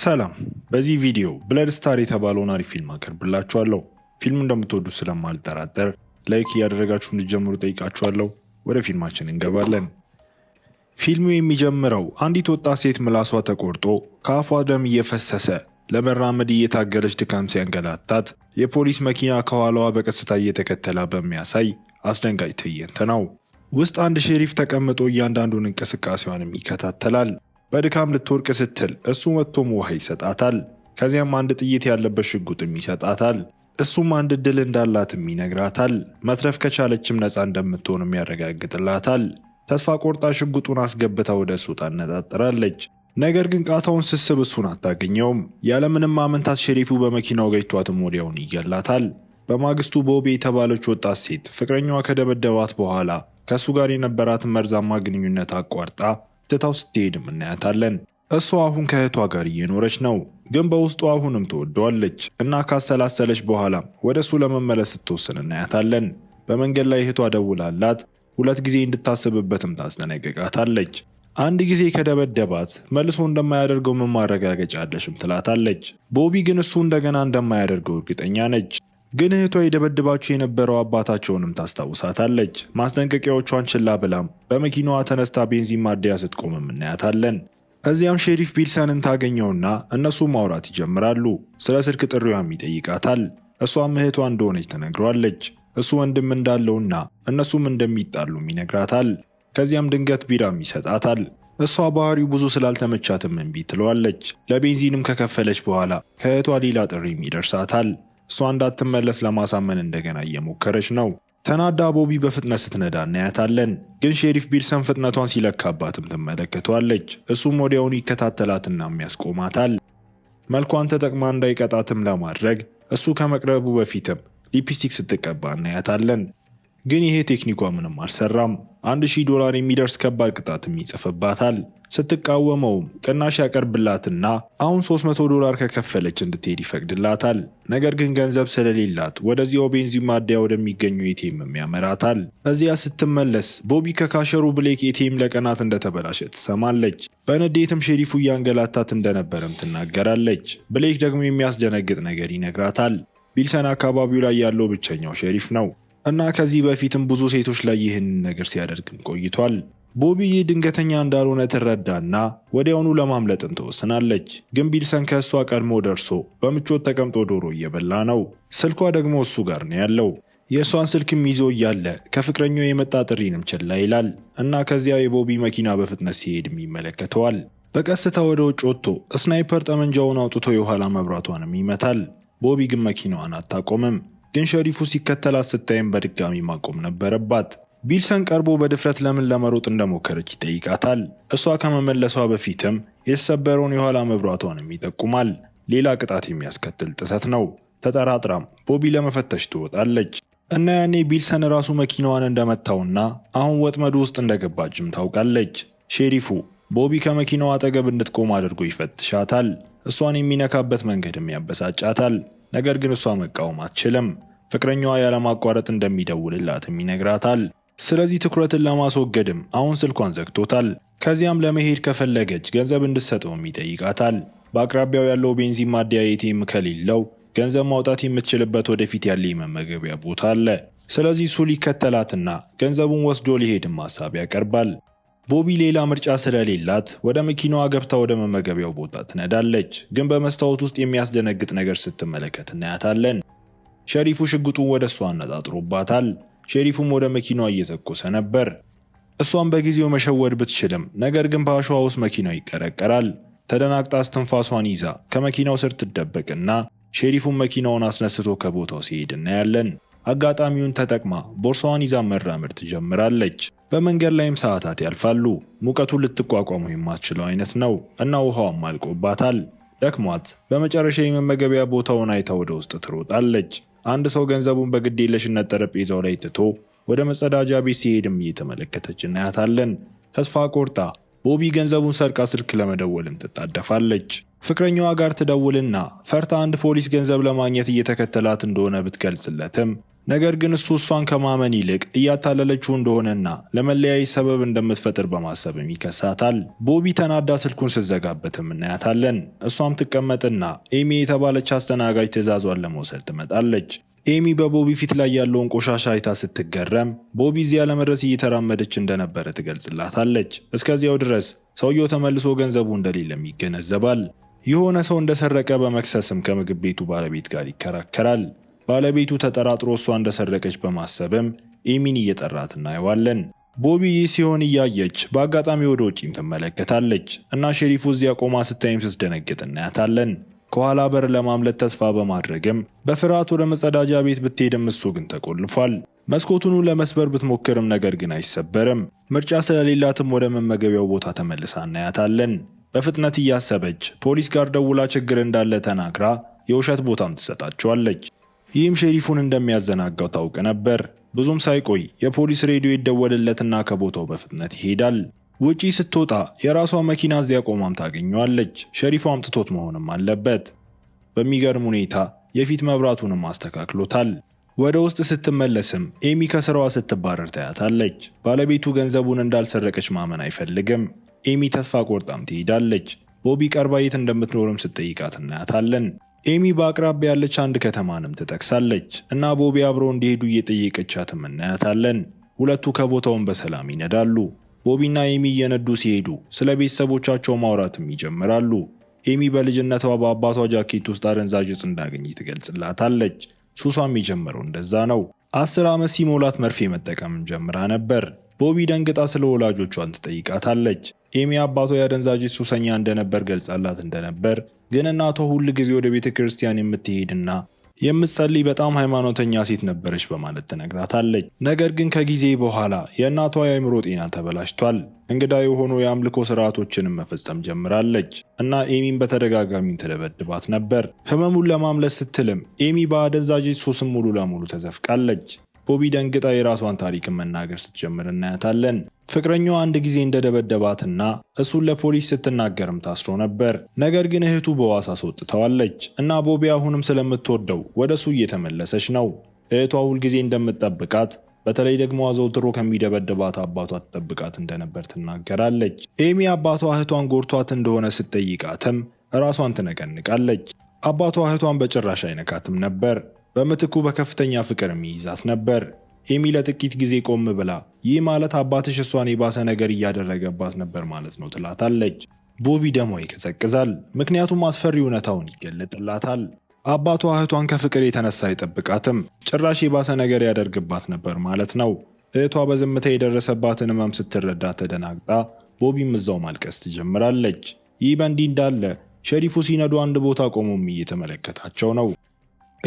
ሰላም በዚህ ቪዲዮ ብለድ ስታር የተባለውን አሪፍ ፊልም አቀርብላችኋለሁ። ፊልሙ እንደምትወዱ ስለማልጠራጠር ላይክ እያደረጋችሁ እንዲጀምሩ ጠይቃችኋለሁ። ወደ ፊልማችን እንገባለን። ፊልሙ የሚጀምረው አንዲት ወጣት ሴት ምላሷ ተቆርጦ ከአፏ ደም እየፈሰሰ ለመራመድ እየታገለች ድካም ሲያንገላታት የፖሊስ መኪና ከኋላዋ በቀስታ እየተከተላ በሚያሳይ አስደንጋጭ ትዕይንት ነው። ውስጥ አንድ ሼሪፍ ተቀምጦ እያንዳንዱን እንቅስቃሴዋንም ይከታተላል። በድካም ልትወርቅ ስትል እሱ መጥቶም ውሃ ይሰጣታል። ከዚያም አንድ ጥይት ያለበት ሽጉጥም ይሰጣታል። እሱም አንድ እድል እንዳላትም ይነግራታል። መትረፍ ከቻለችም ነፃ እንደምትሆንም ያረጋግጥላታል። ተስፋ ቆርጣ ሽጉጡን አስገብታ ወደ እሱ ታነጣጥራለች። ነገር ግን ቃታውን ስስብ እሱን አታገኘውም። ያለምንም አመንታት ሸሪፉ በመኪናው ገጭቷትም ወዲያውን ይገላታል። በማግስቱ በቤ የተባለች ወጣት ሴት ፍቅረኛዋ ከደበደባት በኋላ ከእሱ ጋር የነበራትን መርዛማ ግንኙነት አቋርጣ ትታው ስትሄድም እናያታለን። እሷ አሁን ከእህቷ ጋር እየኖረች ነው፣ ግን በውስጡ አሁንም ትወደዋለች እና ካሰላሰለች በኋላ ወደ እሱ ለመመለስ ስትወስን እናያታለን። በመንገድ ላይ እህቷ ደውላላት ሁለት ጊዜ እንድታስብበትም ታስጠነቅቃታለች። አንድ ጊዜ ከደበደባት መልሶ እንደማያደርገው ምን ማረጋገጫ አለሽም ትላታለች። ቦቢ ግን እሱ እንደገና እንደማያደርገው እርግጠኛ ነች። ግን እህቷ የደበድባቸው የነበረው አባታቸውንም ታስታውሳታለች። ማስጠንቀቂያዎቿን ችላ ብላም በመኪናዋ ተነስታ ቤንዚን ማደያ ስትቆምም እናያታለን። እዚያም ሼሪፍ ቢልሰንን ታገኘውና እነሱ ማውራት ይጀምራሉ። ስለ ስልክ ጥሪዋም ይጠይቃታል። እሷም እህቷ እንደሆነች ተነግሯለች። እሱ ወንድም እንዳለውና እነሱም እንደሚጣሉም ይነግራታል። ከዚያም ድንገት ቢራም ይሰጣታል። እሷ ባህሪው ብዙ ስላልተመቻትም እምቢ ትለዋለች። ለቤንዚንም ከከፈለች በኋላ ከእህቷ ሌላ ጥሪም ይደርሳታል። እሷ እንዳትመለስ ለማሳመን እንደገና እየሞከረች ነው። ተናዳ ቦቢ በፍጥነት ስትነዳ እናያታለን። ግን ሼሪፍ ቢልሰን ፍጥነቷን ሲለካባትም ትመለከቷለች። እሱም ወዲያውኑ ይከታተላትና ያስቆማታል። መልኳን ተጠቅማ እንዳይቀጣትም ለማድረግ እሱ ከመቅረቡ በፊትም ሊፕስቲክ ስትቀባ እናያታለን። ግን ይሄ ቴክኒኳ ምንም አልሰራም። አንድ ሺህ ዶላር የሚደርስ ከባድ ቅጣትም ይጽፍባታል። ስትቃወመውም ቅናሽ ያቀርብላትና አሁን 300 ዶላር ከከፈለች እንድትሄድ ይፈቅድላታል። ነገር ግን ገንዘብ ስለሌላት ወደዚህ ቤንዚን ማደያ ወደሚገኙ ኤቲኤምም ያመራታል። እዚያ ስትመለስ ቦቢ ከካሸሩ ብሌክ ኤቲኤም ለቀናት እንደተበላሸ ትሰማለች። በንዴትም ሼሪፉ እያንገላታት እንደነበረም ትናገራለች። ብሌክ ደግሞ የሚያስደነግጥ ነገር ይነግራታል። ቢልሰን አካባቢው ላይ ያለው ብቸኛው ሸሪፍ ነው እና ከዚህ በፊትም ብዙ ሴቶች ላይ ይህንን ነገር ሲያደርግም ቆይቷል። ቦቢ ድንገተኛ እንዳልሆነ ትረዳና ወዲያውኑ ለማምለጥም ትወስናለች። ግን ቢልሰን ከእሷ ቀድሞ ደርሶ በምቾት ተቀምጦ ዶሮ እየበላ ነው። ስልኳ ደግሞ እሱ ጋር ነው ያለው። የእሷን ስልክም ይዞ እያለ ከፍቅረኛው የመጣ ጥሪንም ችላ ይላል እና ከዚያ የቦቢ መኪና በፍጥነት ሲሄድም ይመለከተዋል። በቀስታ ወደ ውጭ ወጥቶ ስናይፐር ጠመንጃውን አውጥቶ የኋላ መብራቷንም ይመታል። ቦቢ ግን መኪናዋን አታቆምም። ግን ሸሪፉ ሲከተላት ስታይም በድጋሚ ማቆም ነበረባት። ቢልሰን ቀርቦ በድፍረት ለምን ለመሮጥ እንደሞከረች ይጠይቃታል። እሷ ከመመለሷ በፊትም የተሰበረውን የኋላ መብራቷንም ይጠቁማል። ሌላ ቅጣት የሚያስከትል ጥሰት ነው። ተጠራጥራም ቦቢ ለመፈተሽ ትወጣለች እና ያኔ ቢልሰን ራሱ መኪናዋን እንደመታውና አሁን ወጥመዱ ውስጥ እንደገባችም ታውቃለች። ሼሪፉ ቦቢ ከመኪናው አጠገብ እንድትቆም አድርጎ ይፈትሻታል። እሷን የሚነካበት መንገድም ያበሳጫታል። ነገር ግን እሷ መቃወም አትችልም። ፍቅረኛዋ ያለማቋረጥ እንደሚደውልላትም ይነግራታል። ስለዚህ ትኩረትን ለማስወገድም አሁን ስልኳን ዘግቶታል። ከዚያም ለመሄድ ከፈለገች ገንዘብ እንድትሰጠውም ይጠይቃታል። በአቅራቢያው ያለው ቤንዚን ማደያ ኤቲኤም ከሌለው ገንዘብ ማውጣት የምትችልበት ወደፊት ያለ የመመገቢያ ቦታ አለ። ስለዚህ እሱ ሊከተላትና ገንዘቡን ወስዶ ሊሄድም ሀሳብ ያቀርባል። ቦቢ ሌላ ምርጫ ስለሌላት ወደ መኪናዋ ገብታ ወደ መመገቢያው ቦታ ትነዳለች። ግን በመስታወት ውስጥ የሚያስደነግጥ ነገር ስትመለከት እናያታለን። ሸሪፉ ሽጉጡን ወደ እሷ አነጣጥሮባታል። ሼሪፉም ወደ መኪናዋ እየተኮሰ ነበር። እሷም በጊዜው መሸወድ ብትችልም ነገር ግን በአሸዋ ውስጥ መኪናው ይቀረቀራል። ተደናግጣ እስትንፋሷን ይዛ ከመኪናው ስር ትደበቅና ሼሪፉን መኪናውን አስነስቶ ከቦታው ሲሄድ እናያለን። አጋጣሚውን ተጠቅማ ቦርሳዋን ይዛ መራመድ ትጀምራለች። በመንገድ ላይም ሰዓታት ያልፋሉ። ሙቀቱ ልትቋቋሙ የማትችለው አይነት ነው እና ውሃዋም አልቆባታል። ደክሟት በመጨረሻ የመመገቢያ ቦታውን አይታ ወደ ውስጥ ትሮጣለች። አንድ ሰው ገንዘቡን በግድ የለሽነት ጠረጴዛው ላይ ትቶ ወደ መጸዳጃ ቤት ሲሄድም እየተመለከተች እናያታለን። ተስፋ ቆርጣ ቦቢ ገንዘቡን ሰርቃ ስልክ ለመደወልም ትጣደፋለች። ፍቅረኛዋ ጋር ትደውልና ፈርታ አንድ ፖሊስ ገንዘብ ለማግኘት እየተከተላት እንደሆነ ብትገልጽለትም ነገር ግን እሱ እሷን ከማመን ይልቅ እያታለለችው እንደሆነና ለመለያየት ሰበብ እንደምትፈጥር በማሰብም ይከሳታል። ቦቢ ተናዳ ስልኩን ስዘጋበትም እናያታለን። እሷም ትቀመጥና ኤሚ የተባለች አስተናጋጅ ትዕዛዟን ለመውሰድ ትመጣለች። ኤሚ በቦቢ ፊት ላይ ያለውን ቆሻሻ አይታ ስትገረም ቦቢ እዚያ ለመድረስ እየተራመደች እንደነበረ ትገልጽላታለች። እስከዚያው ድረስ ሰውየው ተመልሶ ገንዘቡ እንደሌለም ይገነዘባል። የሆነ ሰው እንደሰረቀ በመክሰስም ከምግብ ቤቱ ባለቤት ጋር ይከራከራል። ባለቤቱ ተጠራጥሮ እሷ እንደሰረቀች በማሰብም ኤሚን እየጠራት እናየዋለን። ቦቢ ይህ ሲሆን እያየች በአጋጣሚ ወደ ውጪም ትመለከታለች እና ሼሪፉ እዚያ ቆማ ስታይም ስትደነግጥ እናያታለን። ከኋላ በር ለማምለት ተስፋ በማድረግም በፍርሃት ወደ መጸዳጃ ቤት ብትሄድም እሱ ግን ተቆልፏል። መስኮቱኑ ለመስበር ብትሞክርም ነገር ግን አይሰበርም። ምርጫ ስለሌላትም ወደ መመገቢያው ቦታ ተመልሳ እናያታለን። በፍጥነት እያሰበች ፖሊስ ጋር ደውላ ችግር እንዳለ ተናግራ የውሸት ቦታም ትሰጣቸዋለች። ይህም ሸሪፉን እንደሚያዘናጋው ታውቅ ነበር። ብዙም ሳይቆይ የፖሊስ ሬዲዮ ይደወልለትና ከቦታው በፍጥነት ይሄዳል። ውጪ ስትወጣ የራሷ መኪና እዚያ ቆማም ታገኘዋለች። ሸሪፉ አምጥቶት መሆንም አለበት። በሚገርም ሁኔታ የፊት መብራቱንም አስተካክሎታል። ወደ ውስጥ ስትመለስም ኤሚ ከስራዋ ስትባረር ታያታለች። ባለቤቱ ገንዘቡን እንዳልሰረቀች ማመን አይፈልግም። ኤሚ ተስፋ ቆርጣም ትሄዳለች። ቦቢ ቀርባ የት እንደምትኖርም ስትጠይቃት እናያታለን። ኤሚ በአቅራቢያ ያለች አንድ ከተማንም ትጠቅሳለች እና ቦቢ አብረው እንዲሄዱ እየጠየቀቻትም እናያታለን። ሁለቱ ከቦታውን በሰላም ይነዳሉ። ቦቢና ኤሚ እየነዱ ሲሄዱ ስለ ቤተሰቦቻቸው ማውራትም ይጀምራሉ። ኤሚ በልጅነቷ በአባቷ ጃኬት ውስጥ አደንዛዥ ዕፅ እንዳገኝ ትገልጽላታለች። ሱሷም የጀመረው እንደዛ ነው። አስር ዓመት ሲሞላት መርፌ መጠቀም ጀምራ ነበር። ቦቢ ደንግጣ ስለ ወላጆቿን ትጠይቃታለች። ኤሚ አባቷ የአደንዛዥ ሱሰኛ እንደነበር ገልጻላት እንደነበር ግን እናቷ ሁል ጊዜ ወደ ቤተ ክርስቲያን የምትሄድና የምትጸልይ በጣም ሃይማኖተኛ ሴት ነበረች በማለት ትነግራታለች። ነገር ግን ከጊዜ በኋላ የእናቷ የአእምሮ ጤና ተበላሽቷል። እንግዳ የሆኑ የአምልኮ ስርዓቶችንም መፈጸም ጀምራለች እና ኤሚን በተደጋጋሚ ትደበድባት ነበር። ህመሙን ለማምለስ ስትልም ኤሚ በአደንዛዥ ሱስም ሙሉ ለሙሉ ተዘፍቃለች። ቦቢ ደንግጣ የራሷን ታሪክ መናገር ስትጀምር እናያታለን። ፍቅረኛዋ አንድ ጊዜ እንደደበደባትና እሱን ለፖሊስ ስትናገርም ታስሮ ነበር። ነገር ግን እህቱ በዋስ አስወጥተዋለች እና ቦቢ አሁንም ስለምትወደው ወደ እሱ እየተመለሰች ነው። እህቷ ሁልጊዜ እንደምትጠብቃት በተለይ ደግሞ አዘውትሮ ከሚደበደባት አባቷ ትጠብቃት እንደነበር ትናገራለች። ኤሚ አባቷ እህቷን ጎርቷት እንደሆነ ስትጠይቃትም ራሷን ትነቀንቃለች። አባቷ እህቷን በጭራሽ አይነካትም ነበር። በምትኩ በከፍተኛ ፍቅር የሚይዛት ነበር። ኤሚ ለጥቂት ጊዜ ቆም ብላ ይህ ማለት አባትሽ እሷን የባሰ ነገር እያደረገባት ነበር ማለት ነው ትላታለች። ቦቢ ደግሞ ይቀዘቅዛል፣ ምክንያቱም አስፈሪ እውነታውን ይገለጥላታል። አባቷ እህቷን ከፍቅር የተነሳ አይጠብቃትም፣ ጭራሽ የባሰ ነገር ያደርግባት ነበር ማለት ነው። እህቷ በዝምታ የደረሰባትን ህመም ስትረዳ ተደናግጣ ቦቢም እዛው ማልቀስ ትጀምራለች። ይህ በእንዲህ እንዳለ ሸሪፉ ሲነዱ አንድ ቦታ ቆሞም እየተመለከታቸው ነው።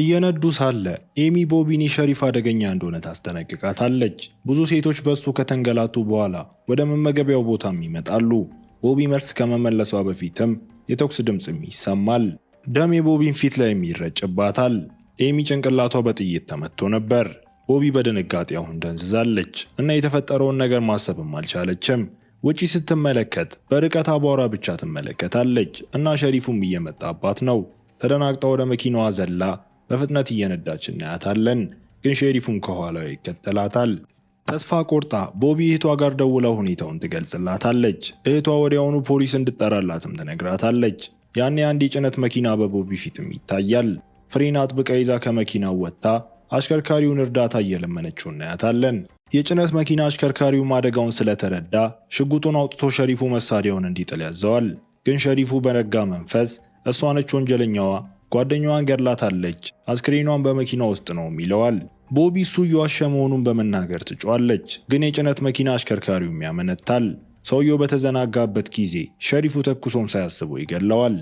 እየነዱ ሳለ ኤሚ ቦቢኒ ሸሪፍ አደገኛ እንደሆነ ታስጠነቅቃታለች። ብዙ ሴቶች በሱ ከተንገላቱ በኋላ ወደ መመገቢያው ቦታም ይመጣሉ። ቦቢ መልስ ከመመለሷ በፊትም የተኩስ ድምፅም ይሰማል። ደም የቦቢን ፊት ላይ ይረጭባታል። ኤሚ ጭንቅላቷ በጥይት ተመትቶ ነበር። ቦቢ በድንጋጤ አሁን ደንዝዛለች እና የተፈጠረውን ነገር ማሰብም አልቻለችም። ውጪ ስትመለከት በርቀት አቧራ ብቻ ትመለከታለች እና ሸሪፉም እየመጣባት ነው። ተደናግጣ ወደ መኪናዋ ዘላ በፍጥነት እየነዳች እናያታለን፣ ግን ሼሪፉን ከኋላው ይከተላታል። ተስፋ ቆርጣ ቦቢ እህቷ ጋር ደውላ ሁኔታውን ትገልጽላታለች። እህቷ ወዲያውኑ ፖሊስ እንድጠራላትም ትነግራታለች። ያኔ አንድ የጭነት መኪና በቦቢ ፊትም ይታያል። ፍሬን አጥብቃ ይዛ ከመኪናው ወጥታ አሽከርካሪውን እርዳታ እየለመነችው እናያታለን። የጭነት መኪና አሽከርካሪው አደጋውን ስለተረዳ ሽጉጡን አውጥቶ ሸሪፉ መሳሪያውን እንዲጥል ያዘዋል። ግን ሸሪፉ በነጋ መንፈስ እሷ ነች ወንጀለኛዋ ጓደኛዋን ገድላታለች፣ አስክሬኗን በመኪና ውስጥ ነውም ይለዋል። ቦቢ እሱ እየዋሸ መሆኑን በመናገር ትጮዋለች፣ ግን የጭነት መኪና አሽከርካሪውም ያመነታል። ሰውየው በተዘናጋበት ጊዜ ሸሪፉ ተኩሶም ሳያስበው ይገለዋል።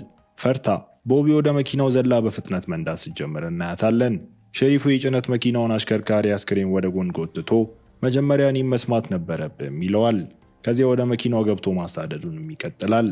ፈርታ ቦቢ ወደ መኪናው ዘላ በፍጥነት መንዳት ስትጀምር እናያታለን። ሸሪፉ የጭነት መኪናውን አሽከርካሪ አስክሬን ወደ ጎን ጎትቶ መጀመሪያ እኔም መስማት ነበረብም ይለዋል። ከዚያ ወደ መኪናው ገብቶ ማሳደዱንም ይቀጥላል።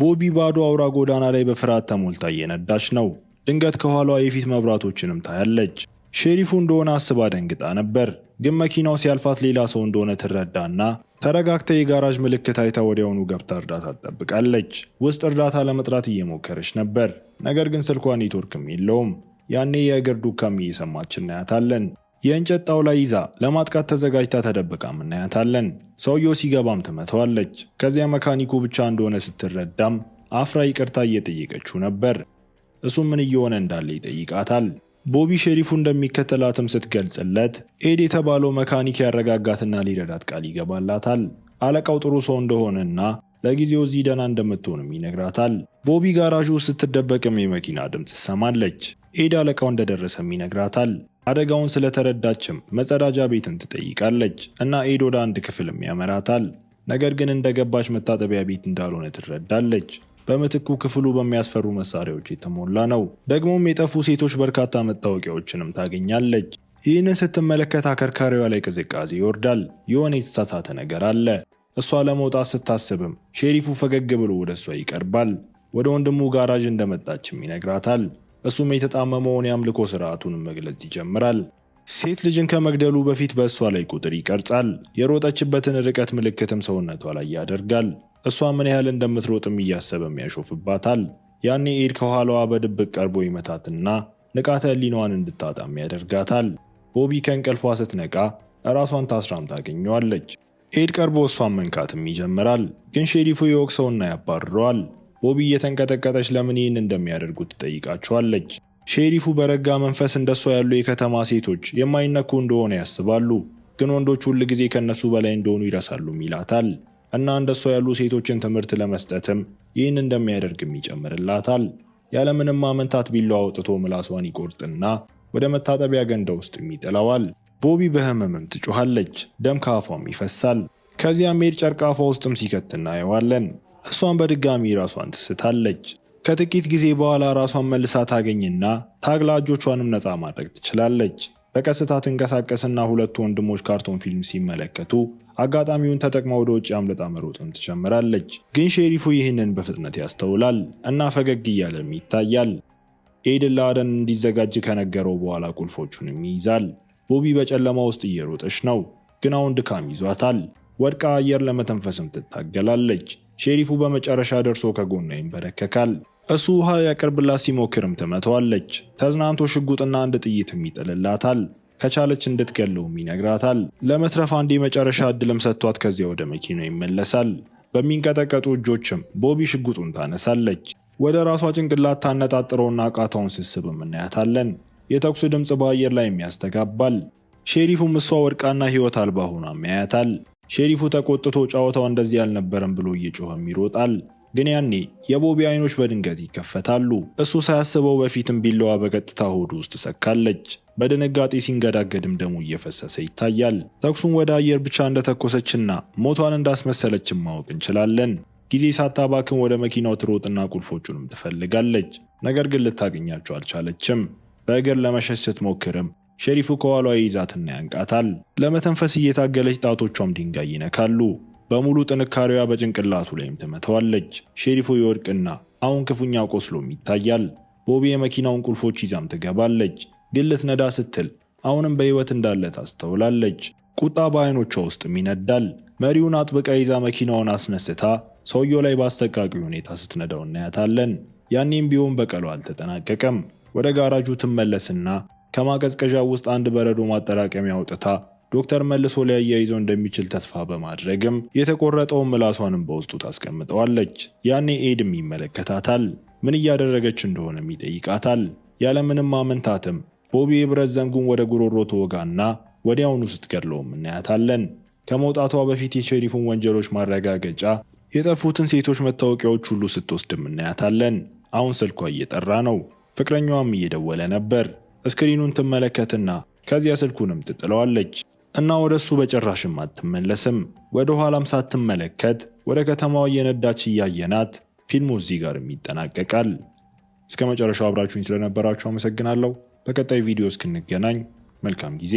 ቦቢ ባዶ አውራ ጎዳና ላይ በፍርሃት ተሞልታ እየነዳች ነው። ድንገት ከኋሏ የፊት መብራቶችንም ታያለች። ሼሪፉ እንደሆነ አስባ ደንግጣ ነበር፣ ግን መኪናው ሲያልፋት ሌላ ሰው እንደሆነ ትረዳና ተረጋግታ የጋራዥ ምልክት አይታ ወዲያውኑ ገብታ እርዳታ ትጠብቃለች። ውስጥ እርዳታ ለመጥራት እየሞከረች ነበር፣ ነገር ግን ስልኳ ኔትወርክም የለውም። ያኔ የእግር ዱካም እየሰማች እናያታለን። የእንጨት ጣውላ ይዛ ለማጥቃት ተዘጋጅታ ተደብቃም እናያታለን። ሰውየው ሲገባም ትመተዋለች። ከዚያ መካኒኩ ብቻ እንደሆነ ስትረዳም አፍራ ይቅርታ እየጠየቀችው ነበር። እሱ ምን እየሆነ እንዳለ ይጠይቃታል። ቦቢ ሸሪፉ እንደሚከተላትም ስትገልጽለት ኤድ የተባለው መካኒክ ያረጋጋትና ሊረዳት ቃል ይገባላታል። አለቃው ጥሩ ሰው እንደሆነና ለጊዜው እዚህ ደህና እንደምትሆንም ይነግራታል። ቦቢ ጋራዡ ስትደበቅም የመኪና ድምፅ ትሰማለች። ኤድ አለቃው እንደደረሰም ይነግራታል። አደጋውን ስለተረዳችም መጸዳጃ ቤትን ትጠይቃለች እና ኤድ ወደ አንድ ክፍልም ያመራታል። ነገር ግን እንደገባች መታጠቢያ ቤት እንዳልሆነ ትረዳለች። በምትኩ ክፍሉ በሚያስፈሩ መሳሪያዎች የተሞላ ነው። ደግሞም የጠፉ ሴቶች በርካታ መታወቂያዎችንም ታገኛለች። ይህንን ስትመለከት አከርካሪዋ ላይ ቅዝቃዜ ይወርዳል። የሆነ የተሳሳተ ነገር አለ። እሷ ለመውጣት ስታስብም ሼሪፉ ፈገግ ብሎ ወደ እሷ ይቀርባል። ወደ ወንድሙ ጋራዥ እንደመጣችም ይነግራታል። እሱም የተጣመመውን የአምልኮ ስርዓቱንም መግለጽ ይጀምራል። ሴት ልጅን ከመግደሉ በፊት በእሷ ላይ ቁጥር ይቀርጻል። የሮጠችበትን ርቀት ምልክትም ሰውነቷ ላይ ያደርጋል። እሷ ምን ያህል እንደምትሮጥም እያሰበም ያሾፍባታል። ያኔ ኤድ ከኋላዋ በድብቅ ቀርቦ ይመታትና ንቃተ ሊኗዋን እንድታጣም ያደርጋታል። ቦቢ ከእንቅልፏ ስትነቃ እራሷን ታስራም ታገኘዋለች። ኤድ ቀርቦ እሷን መንካትም ይጀምራል፣ ግን ሼሪፉ ይወቅሰውና ያባርረዋል። ቦቢ እየተንቀጠቀጠች ለምን ይህን እንደሚያደርጉ ትጠይቃቸዋለች። ሼሪፉ በረጋ መንፈስ እንደሷ ያሉ የከተማ ሴቶች የማይነኩ እንደሆነ ያስባሉ፣ ግን ወንዶች ሁል ጊዜ ከእነሱ በላይ እንደሆኑ ይረሳሉም ይላታል። እና እንደሷ ያሉ ሴቶችን ትምህርት ለመስጠትም ይህን እንደሚያደርግም ይጨምርላታል። ያለምንም አመንታት ቢላዋ አውጥቶ ምላሷን ይቆርጥና ወደ መታጠቢያ ገንዳ ውስጥም ይጥለዋል። ቦቢ በህመምም ትጮኋለች። ደም ከአፏም ይፈሳል። ከዚያም ሜድ ጨርቅ አፏ ውስጥም ሲከት እናየዋለን። እሷን በድጋሚ ራሷን ትስታለች። ከጥቂት ጊዜ በኋላ ራሷን መልሳ ታገኝና ታግላ እጆቿንም ነፃ ማድረግ ትችላለች። በቀስታ ትንቀሳቀስና ሁለቱ ወንድሞች ካርቶን ፊልም ሲመለከቱ አጋጣሚውን ተጠቅማ ወደ ውጭ አምልጣ መሮጥም ትጀምራለች። ግን ሼሪፉ ይህንን በፍጥነት ያስተውላል እና ፈገግ እያለም ይታያል። ኤድን ለአደን እንዲዘጋጅ ከነገረው በኋላ ቁልፎቹንም ይይዛል። ቦቢ በጨለማ ውስጥ እየሮጠች ነው፣ ግን አሁን ድካም ይዟታል። ወድቃ አየር ለመተንፈስም ትታገላለች። ሼሪፉ በመጨረሻ ደርሶ ከጎኗ ይንበረከካል። እሱ ውሃ ያቀርብላት ሲሞክርም ትመተዋለች። ተዝናንቶ ሽጉጥና አንድ ጥይትም ይጥልላታል። ከቻለች እንድትገለውም ይነግራታል። ለመትረፍ አንድ የመጨረሻ እድልም ሰጥቷት ከዚያ ወደ መኪና ይመለሳል። በሚንቀጠቀጡ እጆችም ቦቢ ሽጉጡን ታነሳለች። ወደ ራሷ ጭንቅላት ታነጣጥረውና ቃታውን ስስብም እናያታለን። የተኩሱ ድምፅ በአየር ላይ የሚያስተጋባል። ሼሪፉም እሷ ወድቃና ሕይወት አልባ ሆናም ያያታል። ሼሪፉ ተቆጥቶ ጨዋታው እንደዚህ አልነበረም ብሎ እየጮኸም ይሮጣል። ግን ያኔ የቦቢ አይኖች በድንገት ይከፈታሉ። እሱ ሳያስበው በፊትም ቢላዋ በቀጥታ ሆዱ ውስጥ ሰካለች። በድንጋጤ ሲንገዳገድም ደሙ እየፈሰሰ ይታያል። ተኩሱን ወደ አየር ብቻ እንደተኮሰችና ሞቷን እንዳስመሰለችም ማወቅ እንችላለን። ጊዜ ሳታባክን ወደ መኪናው ትሮጥና ቁልፎቹንም ትፈልጋለች። ነገር ግን ልታገኛቸው አልቻለችም። በእግር ለመሸሽ ስትሞክርም ሸሪፉ ከኋሏ ይይዛትና ያንቃታል። ለመተንፈስ እየታገለች ጣቶቿም ድንጋይ ይነካሉ። በሙሉ ጥንካሬዋ በጭንቅላቱ ላይም ትመተዋለች። ሸሪፉ ይወድቅና አሁን ክፉኛ ቆስሎም ይታያል። ቦቢ የመኪናውን ቁልፎች ይዛም ትገባለች። ግን ልትነዳ ስትል አሁንም በሕይወት እንዳለ ታስተውላለች። ቁጣ በአይኖቿ ውስጥም ይነዳል። መሪውን አጥብቃ ይዛ መኪናውን አስነስታ ሰውየው ላይ በአሰቃቂ ሁኔታ ስትነዳው እናያታለን። ያኔም ቢሆን በቀሉ አልተጠናቀቀም። ወደ ጋራጁ ትመለስና ከማቀዝቀዣ ውስጥ አንድ በረዶ ማጠራቀሚያ አውጥታ ዶክተር መልሶ ሊያያይዘው እንደሚችል ተስፋ በማድረግም የተቆረጠውን ምላሷንም በውስጡ ታስቀምጠዋለች። ያኔ ኤድም ይመለከታታል። ምን እያደረገች እንደሆነም ይጠይቃታል። ያለምንም አመንታትም ቦቢ የብረት ዘንጉን ወደ ጉሮሮ ትወጋና ወዲያውኑ ስትገድለውም እናያታለን። ከመውጣቷ በፊት የሸሪፉን ወንጀሎች ማረጋገጫ የጠፉትን ሴቶች መታወቂያዎች ሁሉ ስትወስድም እናያታለን። አሁን ስልኳ እየጠራ ነው። ፍቅረኛዋም እየደወለ ነበር። እስክሪኑን ትመለከትና ከዚያ ስልኩንም ትጥለዋለች እና ወደ እሱ በጭራሽም አትመለስም። ወደ ኋላም ሳትመለከት ወደ ከተማዋ እየነዳች እያየናት ፊልሙ እዚህ ጋርም ይጠናቀቃል። እስከ መጨረሻው አብራችሁኝ ስለነበራችሁ አመሰግናለሁ። በቀጣይ ቪዲዮ እስክንገናኝ መልካም ጊዜ